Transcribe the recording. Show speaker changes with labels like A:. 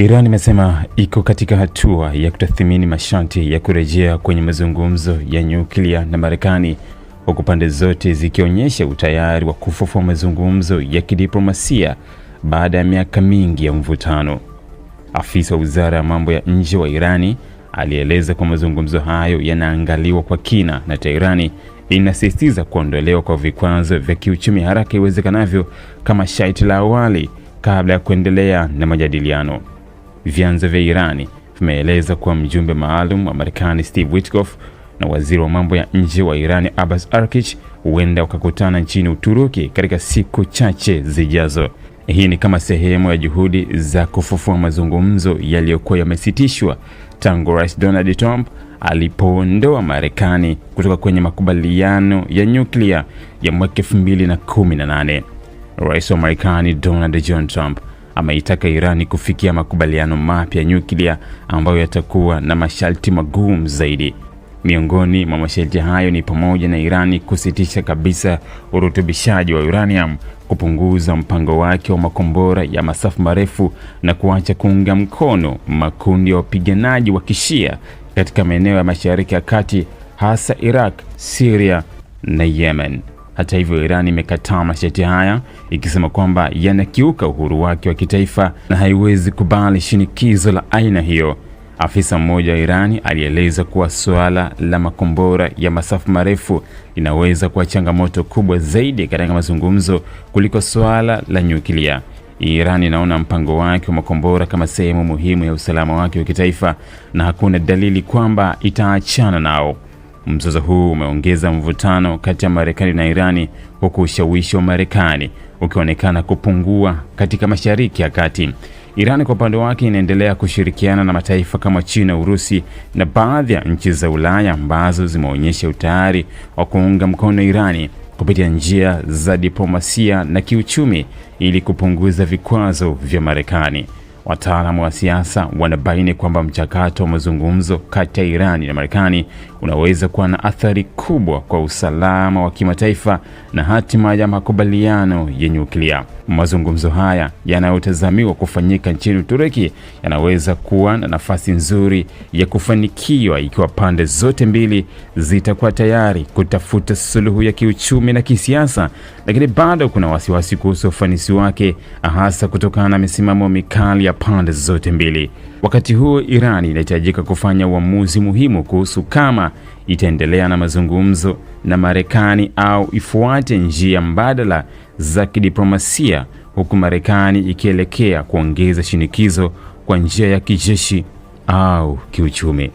A: Iran imesema iko katika hatua ya kutathmini masharti ya kurejea kwenye mazungumzo ya nyuklia na Marekani huku pande zote zikionyesha utayari wa kufufua mazungumzo ya kidiplomasia baada ya miaka mingi ya mvutano. Afisa wa Wizara ya Mambo ya Nje wa Irani alieleza kuwa mazungumzo hayo yanaangaliwa kwa kina na Teherani inasisitiza kuondolewa kwa vikwazo vya kiuchumi haraka iwezekanavyo kama sharti la awali kabla ya kuendelea na majadiliano. Vyanzo vya Irani vimeeleza kuwa mjumbe maalum wa Marekani Steve Witkoff na waziri wa mambo ya nje wa Irani Abbas arkich huenda wakakutana nchini Uturuki katika siku chache zijazo. Hii ni kama sehemu ya juhudi za kufufua mazungumzo yaliyokuwa yamesitishwa tangu Rais Donald Trump alipoondoa Marekani kutoka kwenye makubaliano ya nyuklia ya mwaka 2018. Rais wa Marekani Donald John Trump ameitaka Irani kufikia makubaliano mapya nyuklia ambayo yatakuwa na masharti magumu zaidi. Miongoni mwa masharti hayo ni pamoja na Irani kusitisha kabisa urutubishaji wa uranium, kupunguza mpango wake wa makombora ya masafa marefu na kuacha kuunga mkono makundi ya wapiganaji wa Kishia katika maeneo ya Mashariki ya Kati, hasa Iraq, Syria na Yemen. Hata hivyo, Iran imekataa masharti haya ikisema kwamba yanakiuka uhuru wake wa kitaifa na haiwezi kubali shinikizo la aina hiyo. Afisa mmoja wa Iran alieleza kuwa suala la makombora ya masafa marefu linaweza kuwa changamoto kubwa zaidi katika mazungumzo kuliko suala la nyuklia. Iran inaona mpango wake wa makombora kama sehemu muhimu ya usalama wake wa kitaifa na hakuna dalili kwamba itaachana nao. Mzozo huu umeongeza mvutano kati ya Marekani na Irani huku ushawishi wa Marekani ukionekana kupungua katika Mashariki ya Kati. Irani kwa upande wake inaendelea kushirikiana na mataifa kama China, Urusi na baadhi ya nchi za Ulaya ambazo zimeonyesha utayari wa kuunga mkono Irani kupitia njia za diplomasia na kiuchumi ili kupunguza vikwazo vya Marekani. Wataalamu wa siasa wanabaini kwamba mchakato wa mazungumzo kati ya Irani na Marekani unaweza kuwa na athari kubwa kwa usalama wa kimataifa na hatima ya makubaliano ya nyuklia. Mazungumzo haya yanayotazamiwa kufanyika nchini Uturuki yanaweza kuwa na nafasi nzuri ya kufanikiwa ikiwa pande zote mbili zitakuwa tayari kutafuta suluhu ya kiuchumi na kisiasa, lakini bado kuna wasiwasi kuhusu ufanisi wake, hasa kutokana na misimamo mikali ya pande zote mbili. Wakati huo, Iran inahitajika kufanya uamuzi muhimu kuhusu kama itaendelea na mazungumzo na Marekani au ifuate njia mbadala za kidiplomasia, huku Marekani ikielekea kuongeza shinikizo kwa njia ya kijeshi au kiuchumi.